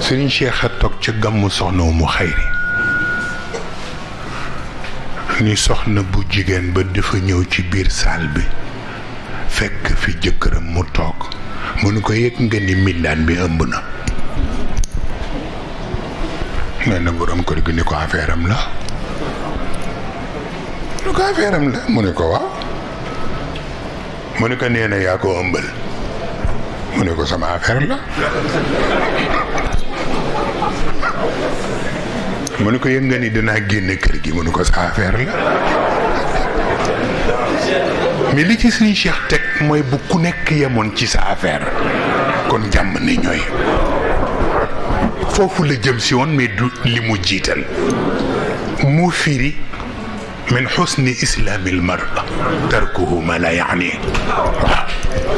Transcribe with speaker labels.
Speaker 1: suñu Cheikh ca gàmmu soxna mu xayri ni soxna bu jigéen ba dafa ñëw ci biir saal bi fekk fi jëkkëram mu toog mu nu ko yëg nga ni mbindaan bi ëmb na nee na borom kër gi ni ko affaire la lu ko affaire am la mu ne ko waaw mu ne ko nee yaa ko ëmbal una cosa más a Carla. mu ne ko yëg nga ni dinaa génn mau gi mu ne ko sa affaire la mais li ci sëñ cheikh teg mooy bu ku kon jam ni la jëm mais du mu firi من حسن إسلام المرء تركه ما لا يعنيه